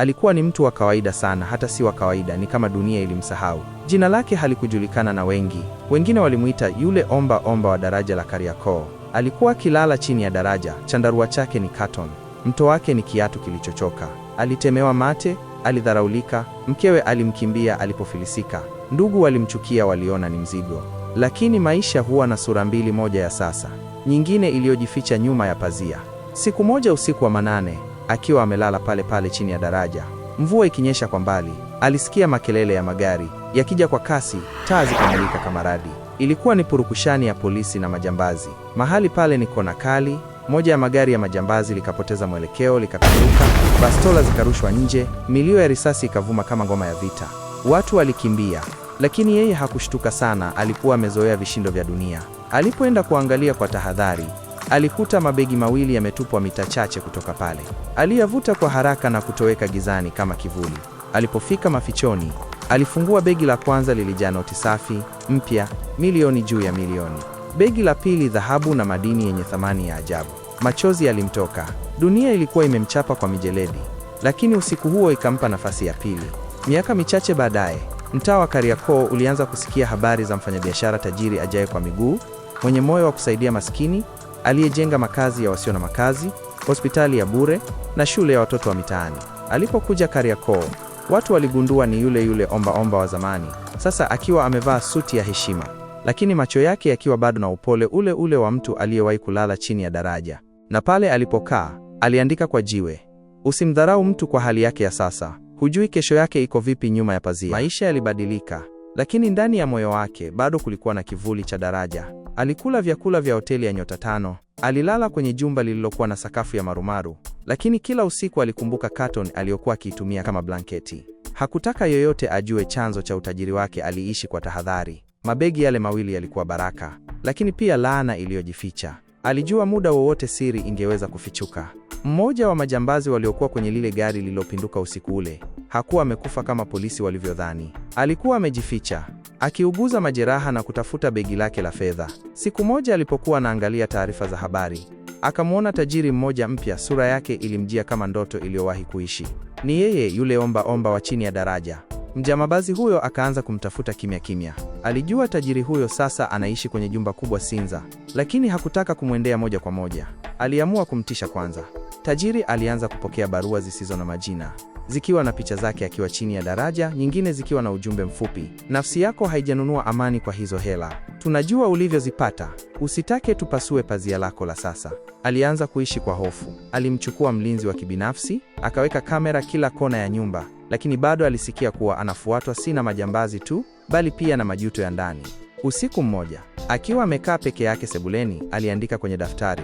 Alikuwa ni mtu wa kawaida sana, hata si wa kawaida, ni kama dunia ilimsahau. Jina lake halikujulikana na wengi, wengine walimwita yule omba omba wa daraja la Kariakoo. Alikuwa akilala chini ya daraja, chandarua chake ni katon, mto wake ni kiatu kilichochoka. Alitemewa mate, alidharaulika, mkewe alimkimbia alipofilisika, ndugu walimchukia, waliona ni mzigo. Lakini maisha huwa na sura mbili, moja ya sasa, nyingine iliyojificha nyuma ya pazia. Siku moja usiku wa manane akiwa amelala pale pale chini ya daraja. Mvua ikinyesha kwa mbali, alisikia makelele ya magari yakija kwa kasi, taa zikamulika kama radi. Ilikuwa ni purukushani ya polisi na majambazi. Mahali pale ni kona kali, moja ya magari ya majambazi likapoteza mwelekeo, likapinduka, bastola zikarushwa nje, milio ya risasi ikavuma kama ngoma ya vita. Watu walikimbia, lakini yeye hakushtuka sana, alikuwa amezoea vishindo vya dunia. Alipoenda kuangalia kwa tahadhari Alikuta mabegi mawili yametupwa mita chache kutoka pale. Aliyavuta kwa haraka na kutoweka gizani kama kivuli. Alipofika mafichoni, alifungua begi la kwanza, lilijaa noti safi mpya, milioni juu ya milioni. Begi la pili, dhahabu na madini yenye thamani ya ajabu. Machozi yalimtoka. Dunia ilikuwa imemchapa kwa mijeledi, lakini usiku huo ikampa nafasi ya pili. Miaka michache baadaye, mtaa wa Kariakoo ulianza kusikia habari za mfanyabiashara tajiri ajaye kwa miguu, mwenye moyo wa kusaidia maskini aliyejenga makazi ya wasio na makazi, hospitali ya bure na shule ya watoto wa mitaani. Alipokuja Kariakoo, watu waligundua ni yule yule ombaomba wa zamani, sasa akiwa amevaa suti ya heshima, lakini macho yake yakiwa bado na upole ule ule wa mtu aliyewahi kulala chini ya daraja. Na pale alipokaa, aliandika kwa jiwe, usimdharau mtu kwa hali yake ya sasa, hujui kesho yake iko vipi nyuma ya pazia. Maisha yalibadilika, lakini ndani ya moyo wake bado kulikuwa na kivuli cha daraja. Alikula vyakula vya hoteli ya nyota tano, alilala kwenye jumba lililokuwa na sakafu ya marumaru, lakini kila usiku alikumbuka Carton aliyokuwa akiitumia kama blanketi. Hakutaka yoyote ajue chanzo cha utajiri wake, aliishi kwa tahadhari. Mabegi yale mawili yalikuwa baraka, lakini pia laana iliyojificha. Alijua muda wowote siri ingeweza kufichuka. Mmoja wa majambazi waliokuwa kwenye lile gari lililopinduka usiku ule hakuwa amekufa kama polisi walivyodhani. Alikuwa amejificha akiuguza majeraha na kutafuta begi lake la fedha. Siku moja alipokuwa anaangalia taarifa za habari, akamwona tajiri mmoja mpya. Sura yake ilimjia kama ndoto iliyowahi kuishi. Ni yeye yule omba omba wa chini ya daraja. Mjambazi huyo akaanza kumtafuta kimya kimya. Alijua tajiri huyo sasa anaishi kwenye jumba kubwa Sinza, lakini hakutaka kumwendea moja kwa moja. Aliamua kumtisha kwanza. Tajiri alianza kupokea barua zisizo na majina zikiwa na picha zake akiwa chini ya daraja, nyingine zikiwa na ujumbe mfupi: nafsi yako haijanunua amani kwa hizo hela, tunajua ulivyozipata, usitake tupasue pazia lako la sasa. Alianza kuishi kwa hofu. Alimchukua mlinzi wa kibinafsi, akaweka kamera kila kona ya nyumba, lakini bado alisikia kuwa anafuatwa si na majambazi tu, bali pia na majuto ya ndani. Usiku mmoja, akiwa amekaa peke yake sebuleni, aliandika kwenye daftari.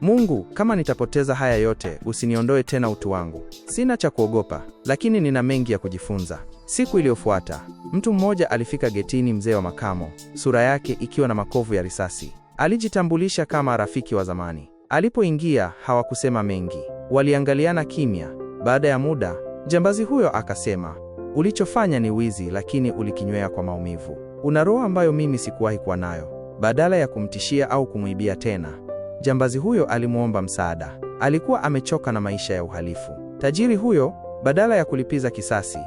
Mungu, kama nitapoteza haya yote, usiniondoe tena utu wangu. Sina cha kuogopa, lakini nina mengi ya kujifunza. Siku iliyofuata, mtu mmoja alifika getini, mzee wa makamo, sura yake ikiwa na makovu ya risasi. Alijitambulisha kama rafiki wa zamani. Alipoingia, hawakusema mengi, waliangaliana kimya. Baada ya muda, jambazi huyo akasema, ulichofanya ni wizi, lakini ulikinywea kwa maumivu. Una roho ambayo mimi sikuwahi kuwa nayo. Badala ya kumtishia au kumwibia tena Jambazi huyo alimwomba msaada. Alikuwa amechoka na maisha ya uhalifu. Tajiri huyo, badala ya kulipiza kisasi,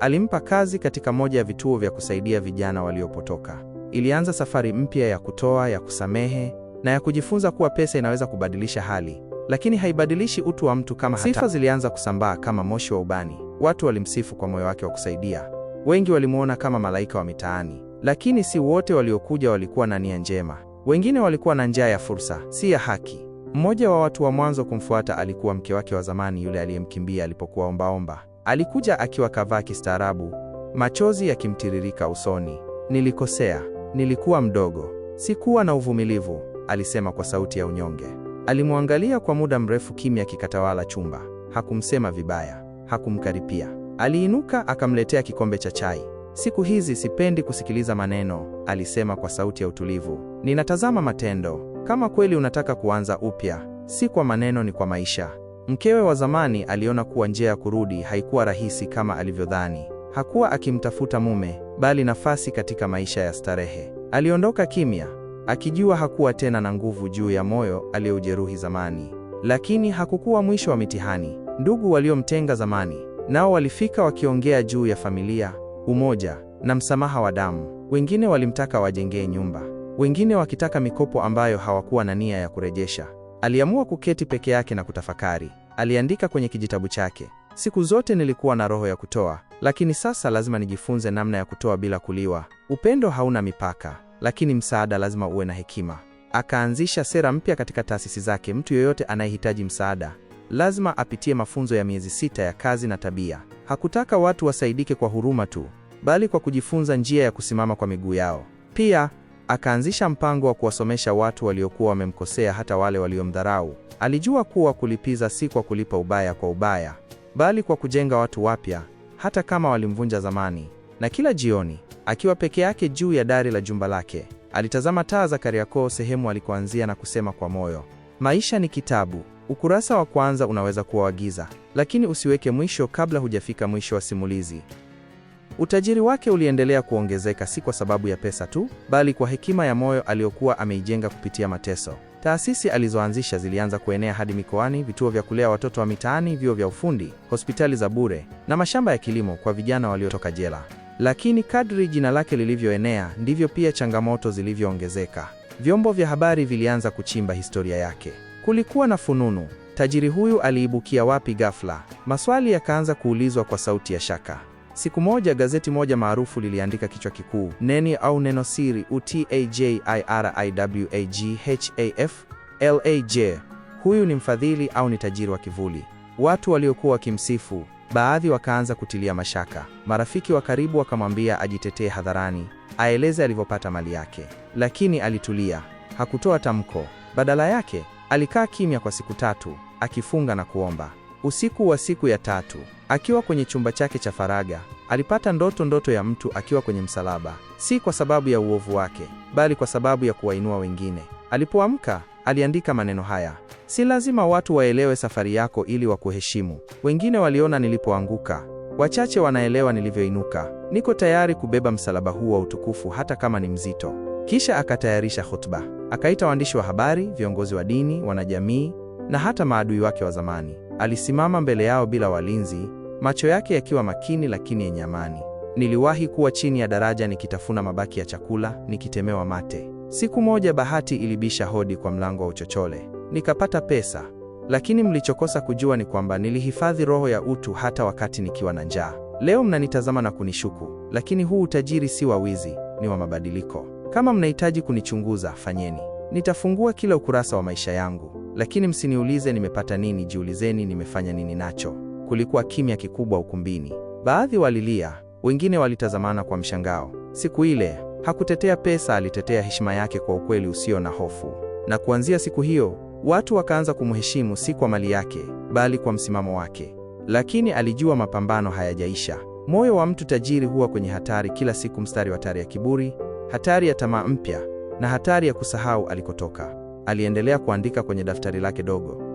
alimpa kazi katika moja ya vituo vya kusaidia vijana waliopotoka. Ilianza safari mpya ya kutoa, ya kusamehe na ya kujifunza kuwa pesa inaweza kubadilisha hali, lakini haibadilishi utu wa mtu kama hata. Sifa zilianza kusambaa kama moshi wa ubani. Watu walimsifu kwa moyo wake wa kusaidia. Wengi walimwona kama malaika wa mitaani, lakini si wote waliokuja walikuwa na nia njema. Wengine walikuwa na njaa ya fursa, si ya haki. Mmoja wa watu wa mwanzo kumfuata alikuwa mke wake wa zamani, yule aliyemkimbia alipokuwa ombaomba. Alikuja akiwa kavaa kistaarabu, machozi yakimtiririka usoni. Nilikosea, nilikuwa mdogo, sikuwa na uvumilivu, alisema kwa sauti ya unyonge. Alimwangalia kwa muda mrefu, kimya kikatawala chumba. Hakumsema vibaya, hakumkaripia. Aliinuka akamletea kikombe cha chai. Siku hizi sipendi kusikiliza maneno, alisema kwa sauti ya utulivu. Ninatazama matendo. Kama kweli unataka kuanza upya, si kwa maneno, ni kwa maisha. Mkewe wa zamani aliona kuwa njia ya kurudi haikuwa rahisi kama alivyodhani. Hakuwa akimtafuta mume, bali nafasi katika maisha ya starehe. Aliondoka kimya, akijua hakuwa tena na nguvu juu ya moyo aliyoujeruhi zamani. Lakini hakukuwa mwisho wa mitihani. Ndugu waliomtenga zamani nao walifika wakiongea juu ya familia, umoja na msamaha wa damu. Wengine walimtaka wajengee nyumba wengine wakitaka mikopo ambayo hawakuwa na nia ya kurejesha. Aliamua kuketi peke yake na kutafakari. Aliandika kwenye kijitabu chake, siku zote nilikuwa na roho ya kutoa, lakini sasa lazima nijifunze namna ya kutoa bila kuliwa. Upendo hauna mipaka, lakini msaada lazima uwe na hekima. Akaanzisha sera mpya katika taasisi zake. Mtu yoyote anayehitaji msaada lazima apitie mafunzo ya miezi sita ya kazi na tabia. Hakutaka watu wasaidike kwa huruma tu, bali kwa kujifunza njia ya kusimama kwa miguu yao. Pia Akaanzisha mpango wa kuwasomesha watu waliokuwa wamemkosea, hata wale waliomdharau. Alijua kuwa kulipiza si kwa kulipa ubaya kwa ubaya, bali kwa kujenga watu wapya, hata kama walimvunja zamani. Na kila jioni akiwa peke yake juu ya dari la jumba lake, alitazama taa za Kariakoo, sehemu alikoanzia, na kusema kwa moyo, maisha ni kitabu. Ukurasa wa kwanza unaweza kuwa wa giza, lakini usiweke mwisho kabla hujafika mwisho wa simulizi. Utajiri wake uliendelea kuongezeka, si kwa sababu ya pesa tu, bali kwa hekima ya moyo aliyokuwa ameijenga kupitia mateso. Taasisi alizoanzisha zilianza kuenea hadi mikoani: vituo vya kulea watoto wa mitaani, vyuo vya ufundi, hospitali za bure na mashamba ya kilimo kwa vijana waliotoka jela. Lakini kadri jina lake lilivyoenea, ndivyo pia changamoto zilivyoongezeka. Vyombo vya habari vilianza kuchimba historia yake. Kulikuwa na fununu: tajiri huyu aliibukia wapi ghafla? Maswali yakaanza kuulizwa kwa sauti ya shaka. Siku moja gazeti moja maarufu liliandika kichwa kikuu, neni au neno siri utagiriwaghaf huyu ni mfadhili au ni tajiri wa kivuli. Watu waliokuwa wakimsifu, baadhi wakaanza kutilia mashaka. Marafiki wa karibu wakamwambia ajitetee hadharani, aeleze alivyopata mali yake, lakini alitulia, hakutoa tamko. Badala yake alikaa kimya kwa siku tatu, akifunga na kuomba. Usiku wa siku ya tatu, akiwa kwenye chumba chake cha faraga, alipata ndoto ndoto ya mtu akiwa kwenye msalaba, si kwa sababu ya uovu wake, bali kwa sababu ya kuwainua wengine. Alipoamka, aliandika maneno haya: si lazima watu waelewe safari yako ili wakuheshimu. Wengine waliona nilipoanguka, wachache wanaelewa nilivyoinuka. Niko tayari kubeba msalaba huu wa utukufu, hata kama ni mzito. Kisha akatayarisha hotuba, akaita waandishi wa habari, viongozi wa dini, wanajamii na hata maadui wake wa zamani. Alisimama mbele yao bila walinzi, macho yake yakiwa makini lakini yenye amani. Niliwahi kuwa chini ya daraja nikitafuna mabaki ya chakula, nikitemewa mate. Siku moja bahati ilibisha hodi kwa mlango wa uchochole, nikapata pesa, lakini mlichokosa kujua ni kwamba nilihifadhi roho ya utu hata wakati nikiwa na njaa. Leo mnanitazama na kunishuku, lakini huu utajiri si wa wizi, ni wa mabadiliko. Kama mnahitaji kunichunguza, fanyeni. Nitafungua kila ukurasa wa maisha yangu. Lakini msiniulize nimepata nini, jiulizeni nimefanya nini nacho. Kulikuwa kimya kikubwa ukumbini. Baadhi walilia, wengine walitazamana kwa mshangao. Siku ile hakutetea pesa, alitetea heshima yake kwa ukweli usio na hofu. Na kuanzia siku hiyo watu wakaanza kumheshimu, si kwa mali yake, bali kwa msimamo wake. Lakini alijua mapambano hayajaisha. Moyo wa mtu tajiri huwa kwenye hatari kila siku, mstari wa hatari ya kiburi, hatari ya tamaa mpya na hatari ya kusahau alikotoka aliendelea kuandika kwenye daftari lake dogo.